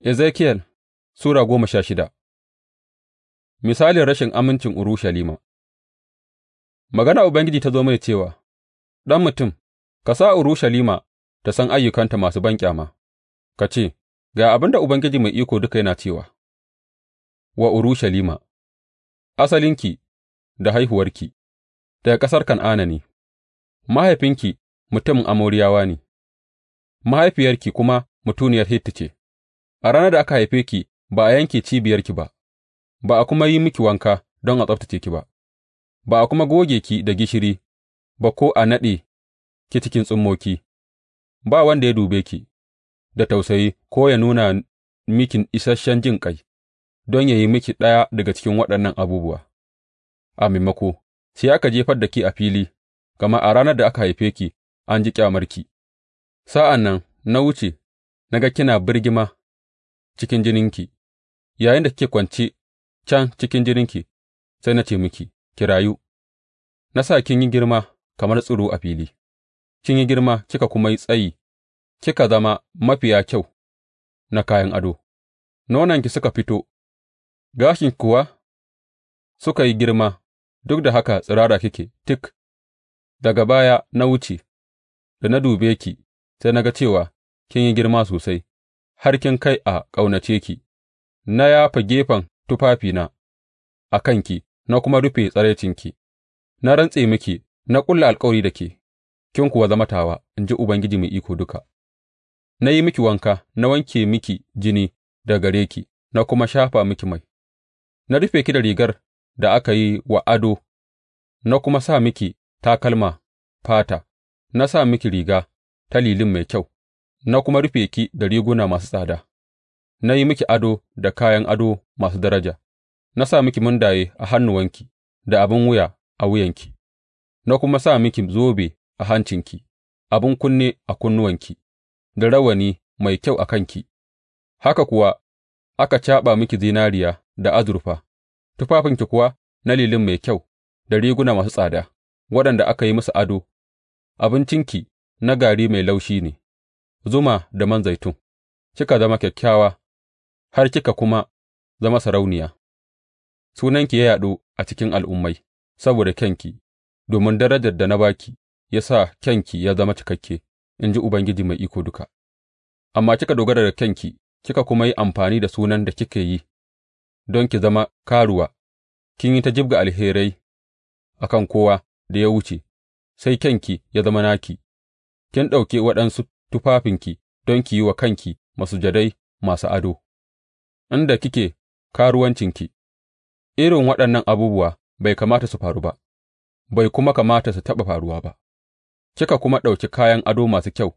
Ezekiel Sura goma sha shida Misalin rashin amincin Urushalima Magana Ubangiji ta zo mai cewa, Ɗan mutum, ka sa Urushalima ta san ayyukanta masu banƙyama, ka ce, Ga abin da Ubangiji Mai Iko Duka yana cewa wa Urushalima, Asalinki da haihuwarki daga ƙasar Kan'ana ne, mahaifinki mutumin Amoriyawa ne, mahaifiyarki kuma mutuniyar Hitti ce. A ranar da aka haife ki ba a yanke cibiyarki ba, ba a kuma yi miki wanka don a tsabtacce ki ba, ba a kuma goge ki da gishiri ba ko a naɗe ki cikin tsummoki, ba wanda ya dube ki da tausayi ko ya nuna miki isasshen jin jinƙai don ya yi miki ɗaya daga cikin waɗannan abubuwa. A maimako, sai aka jefar da ki a fili, gama a ranar da aka haife ki an ji ƙyamarki. Sa'an nan na wuce, na ga kina birgima cikin jininki, yayinda kike kwance can cikin jininki, sai na ce miki, Ki rayu, na sa kin yi girma kamar tsiro a fili, kin yi girma kika kuma yi tsayi, kika zama mafiya kyau na kayan ado, nonanki suka fito, gashin kuwa suka yi girma, duk da haka tsirara kike tik, daga baya na wuce, da na dube ki, sai na ga cewa kin yi girma sosai. har kin kai a ƙaunace ki, na yafa gefen tufafina a kanki na kuma rufe tsiraicinki, na rantse miki, na ƙulla alkawari da ke, kin kuwa zama tawa, in ji Ubangiji Mai Iko Duka. Na yi miki wanka, na wanke miki jini daga gare ki, na kuma shafa miki mai, na rufe ki da rigar da aka yi wa ado, na kuma sa miki takalma fata, na sa miki riga ta lilin mai kyau. na kuma rufe ki da riguna masu tsada, na yi miki ado da kayan ado masu daraja, na sa miki mundaye a hannuwanki da abin wuya a wuyanki, na kuma sa miki zobe a hancinki, abin kunne a kunnuwanki, da rawani mai kyau a kanki, haka kuwa aka caɓa miki zinariya da azurfa, tufafinki kuwa na lilin mai kyau da riguna masu tsada, waɗanda aka yi musu ado, abincinki na gari mai laushi ne. zuma da man zaitun, kika zama kyakkyawa har kika kuma zama sarauniya, sunanki ya yaɗu a cikin al'ummai saboda kyanki, domin darajar da na ba ki, ya sa kyanki ya zama cikakke, in ji Ubangiji Mai Iko Duka. Amma kika dogara da kyanki, kika kuma yi amfani da sunan da kike yi don ki zama karuwa, kin yi ta jibga alherai a kan kowa da ya wuce, sai kyanki ya zama naki, kin ɗauke waɗansu tufafinki don ki yi wa kanki masujadai masu ado, inda kike karuwancinki, irin waɗannan abubuwa bai kamata su faru ba, bai kuma kamata su taɓa faruwa ba, kika kuma ɗauki kayan ado masu kyau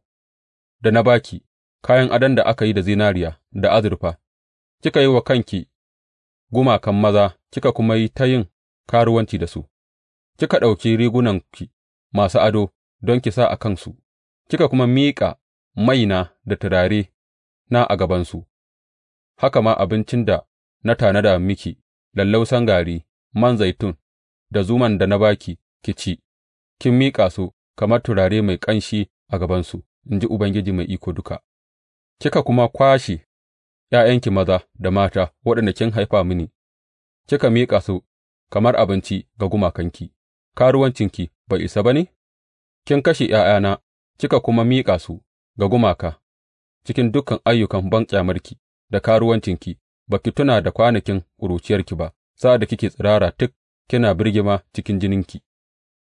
da na baki, kayan adon da aka yi da zinariya da azurfa, kika yi wa kanki gumakan maza kika kuma yi ta yin karuwanci da su, kika ɗauki rigunanki masu ado don ki sa a kansu, kika kuma miƙa maina da turare na a gabansu, haka ma abincin da na tanada miki, lallausan gari, man zaitun da zuman da na ba ki ki ci, kin miƙa su kamar turare mai ƙanshi a gabansu, in ji Ubangiji Mai Iko Duka, kika kuma kwashe ’ya'yanki maza da mata waɗanda kin haifa mini, kika miƙa su kamar abinci ga gumakanki, karuwancinki bai isa ba ne? Kin kashe ’ya'yana kika kuma miƙa su. ga gumaka, cikin dukan ayyukan banƙyamarki da karuwancinki, ba ki tuna da kwanakin ƙuruciyarki ba, sa'ad da kike tsirara tuk kina birgima cikin jininki.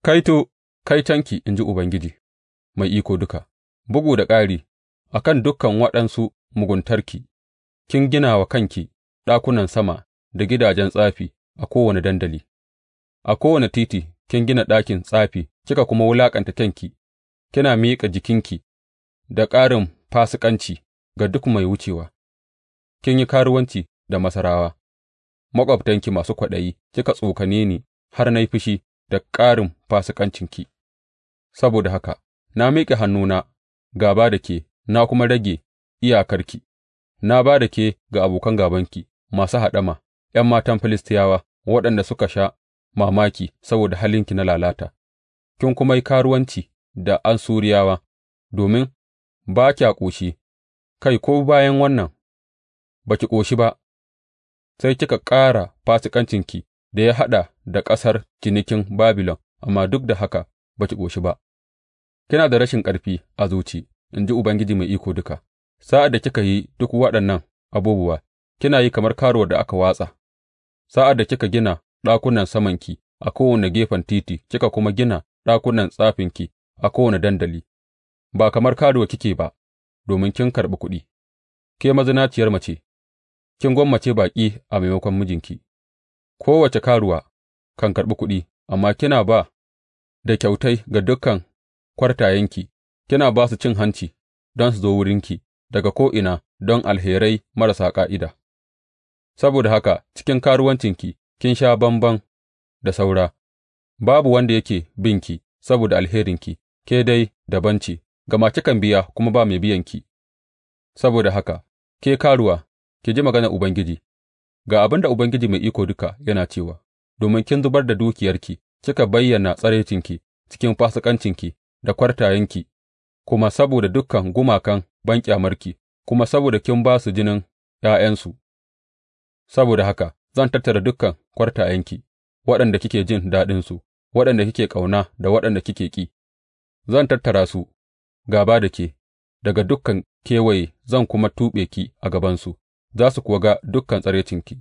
Kaito, kaitonki, in ji Ubangiji Mai Iko Duka, bugu da ƙari, a kan dukan waɗansu muguntarki, kin gina wa kanki ɗakunan sama da gidajen tsafi a kowane dandali, a kowane titi kin gina ɗakin tsafi kika kuma wulaƙanta kanki. kina miƙa jikinki da ƙarin fasikanci ga duk mai wucewa, kin yi karuwanci da Masarawa, maƙwabtanki masu kwaɗayi kika tsokane ni har na yi fushi da ƙarin fasikancinki, saboda haka na miƙe hannuna gāba da ke na kuma rage iyakarki, na ba da ke ga abokan gābanki masu haɗama, ’yan matan Filistiyawa waɗanda suka sha mamaki saboda halinki na lalata, kin kuma yi karuwanci da Assuriyawa domin ba kya ƙoshi, kai, ko bayan wannan ba ki ƙoshi ba, sai kika ƙara fasikancinki da ya haɗa da ƙasar cinikin Babilon, amma duk da haka ba ki ƙoshi ba, kina da rashin ƙarfi a zuci, in ji Ubangiji Mai Iko Duka, sa'ad da kika yi duk waɗannan abubuwa, kina yi kamar karuwar da aka watsa, sa'ad da kika gina ɗakunan samanki a kowane gefen titi, kika kuma gina ɗakunan tsafinki a kowane dandali, ba kamar karuwa kike ba, domin kin karɓi kuɗi, ke mazinaciyar mace, kin gwammace baƙi a maimakon mijinki, kowace karuwa kan karɓi kuɗi, amma kina ba da kyautai ga dukan kwartayenki, kina ba su cin hanci don su zo wurinki daga ko'ina don alherai marasa ƙa'ida. Saboda haka cikin karuwancinki kin sha bamban da saura, babu wanda yake binki saboda alherinki, ke dai daban ce. gama kikan biya kuma ba mai biyanki, saboda haka, ke karuwa, ki ji maganar Ubangiji, ga abin da Ubangiji Mai Iko Duka yana cewa, domin kin zubar da dukiyarki, kika bayyana tsiraicinki cikin fasikancinki da kwartayenki, kuma saboda dukan gumakan banƙyamarki, kuma saboda kin ba su jinin ’ya'yansu, saboda haka zan tattara dukkan kwartayenki, waɗanda kike jin daɗinsu, waɗanda kike ƙauna da waɗanda kike ƙi, zan tattara su gāba da ke daga dukan kewaye zan kuma tuɓe ki a gabansu, za su kuwa ga dukan tsiraicinki;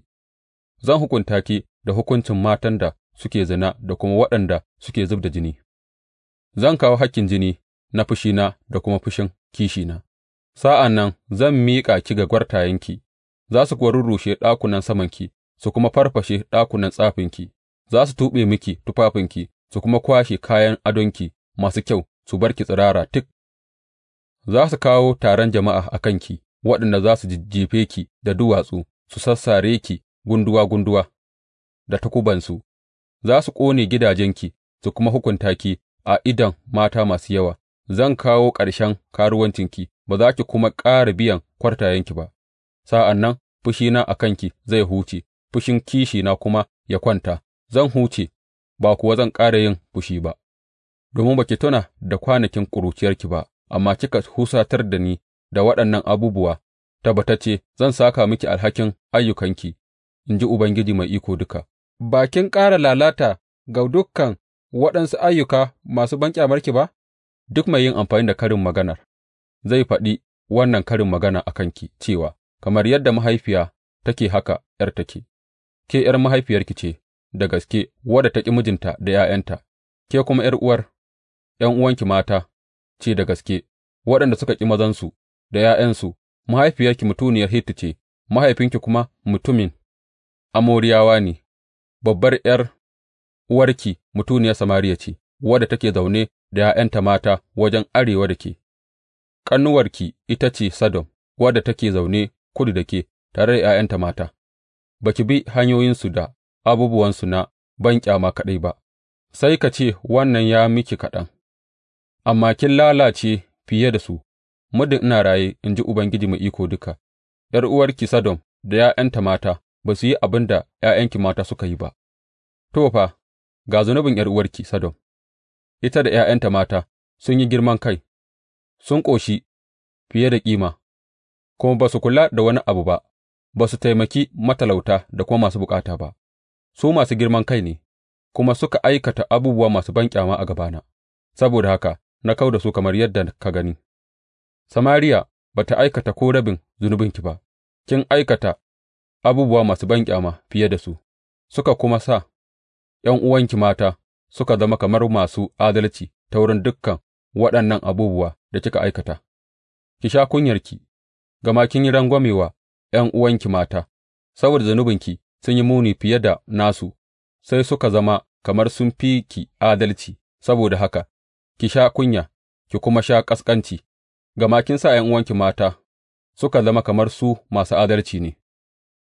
zan hukunta ki da hukuncin matan da suke zina da kuma waɗanda suke zub da jini, zan kawo hakkin jini na fushina da kuma fushin kishina, sa'an nan zan miƙa ki ga gwartayenki, za su kuwa rurrushe ɗakunan samanki su kuma farfashe ɗakunan tsafinki, za su tuɓe miki tufafinki su kuma kwashe kayan adonki masu kyau su bar ki tsirara tik. za su kawo taron jama'a a kanki waɗanda za su jijjefe ki da duwatsu su sassare ki gunduwa gunduwa da takubansu, za su ƙone gidajenki su kuma hukunta ki a idon mata masu yawa, zan kawo ƙarshen karuwancinki ba za ki kuma ƙara biyan kwartayenki ba, sa'an nan fushina a kanki zai huce, fushin kishina kuma ya kwanta, zan huce ba kuwa zan ƙara yin fushi ba, domin ba ki tuna da kwanakin ƙuruciyarki ba. amma kika husatar da ni da waɗannan abubuwa, tabbatacce zan saka miki alhakin ayyukanki, in ji Ubangiji Mai Iko Duka. Ba kin ƙara lalata ga dukkan waɗansu ayyuka masu banƙyamarki ba? Duk mai yin amfani da karin maganar zai faɗi wannan karin magana a kanki cewa, Kamar yadda mahaifiya take haka ’yar take, ke ’yar mahaifiyarki ce da gaske wadda ta ƙi mijinta da ’ya'yanta, ke kuma ’yar'uwar ’yan'uwanki mata ce da gaske, waɗanda suka ƙi mazansu da ’ya'yansu, mahaifiyarki mutuniyar Hitti ce, mahaifinki kuma mutumin Amoriyawa ne, babbar ’yar uwarki mutuniyar Samariya ce, wadda take zaune da ’ya'yanta mata wajen arewa da ke, ƙanuwarki ita ce Sodom, wadda take zaune kudu da ke tare da ’ya'yanta mata, ba ki bi hanyoyinsu da abubuwansu na banƙyama kaɗai ba, sai ka ce wannan ya miki kaɗan. amma kin lalace fiye da su, muddin ina raye, in ji Ubangiji Mai Iko Duka, ’yar'uwarki Sodom da ’ya'yanta mata ba su yi abin da ’ya'yanki mata suka yi ba, to, fa, ga zunubin ’yar'uwarki Sodom, ita da ’ya'yanta mata sun yi girman kai, sun ƙoshi fiye da kima. kuma ba su kula da wani abu ba, ba su taimaki matalauta da kuma masu bukata ba, su masu girman kai ne, kuma suka aikata abubuwa masu banƙyama a gabana, saboda haka na kau da su kamar yadda ka gani, Samariya ba ta aikata ko rabin zunubinki ba, kin aikata abubuwa masu banƙyama fiye da su, suka kuma sa 'yan uwanki mata suka zama kamar masu adalci ta wurin dukkan waɗannan abubuwa da kika aikata, ki sha kunyarki, gama kin yi rangwamewa wa uwanki mata, saboda zunubinki sun yi muni fiye da nasu, sai suka zama kamar sun fi ki adalci, saboda haka ki sha kunya ki kuma sha ƙasƙanci, gama kin sa ’yan'uwanki mata suka zama kamar su masu adalci ne,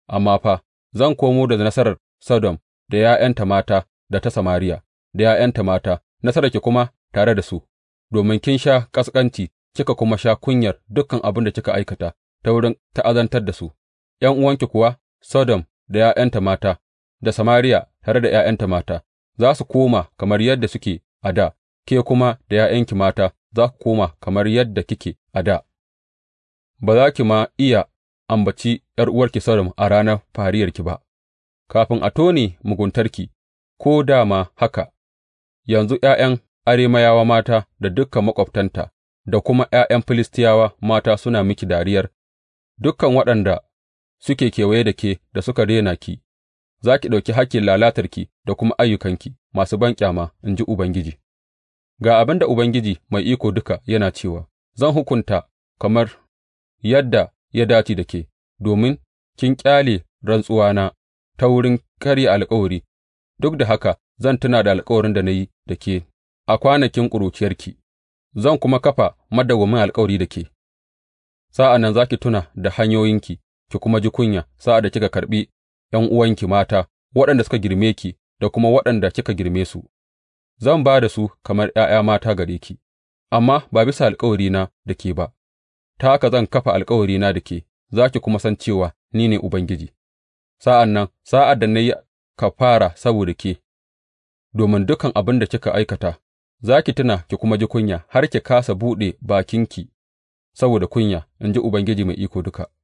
amma fa zan komo da nasarar Sodom da ’ya'yanta mata da ta Samariya, da ’ya'yanta mata, nasararki kuma tare da su, domin kin sha ƙasƙanci kika kuma sha kunyar dukan abin da kika aikata ta wurin ta'azantar da su, ’yan'uwanki kuwa Sodom da ’ya'yanta mata, da Samariya tare da ’ya'yanta mata, za su koma kamar yadda suke a da, ke kuma da ’ya'yanki mata za ku koma kamar yadda kike a dā, ba za ki ma iya ambaci ’yar'uwarki Sodom a ranar fariyarki ba, kafin a tone muguntarki, ko da ma haka, yanzu ’ya'yan Arameyawa mata da dukan maƙwabtanta da kuma ’ya'yan Filistiyawa mata suna miki dariyar dukan waɗanda suke kewaye da ke da suka rena ki, za ki ɗauki hakkin lalatarki da kuma ayyukanki masu banƙyama, in ji Ubangiji. Ga abin da Ubangiji Mai Iko Duka yana cewa zan hukunta kamar yadda ya dace da ke, domin kin ƙyale rantsuwana ta wurin karya alkawari, duk da haka zan tuna da alkawarin da na yi da ke a kwanakin ƙuruciyarki, zan kuma kafa madawwamin alkawari da ke, sa'an nan za ki tuna da hanyoyinki ki kuma ji kunya sa'ad da kika karɓi 'yan uwanki mata waɗanda suka girme ki da kuma waɗanda kika girme su. Zan ba da su kamar ’ya'ya mata gare ki, amma ba bisa alkawarina da ke ba, ta haka zan kafa alkawarina da ke za ki kuma san cewa ni ne Ubangiji, sa'an nan sa'ad da na yi kafara saboda ke, domin dukan abin da kika aikata, za ki tuna ki kuma ji kunya har ki kasa buɗe bakinki saboda kunya, in ji Ubangiji Mai Iko Duka.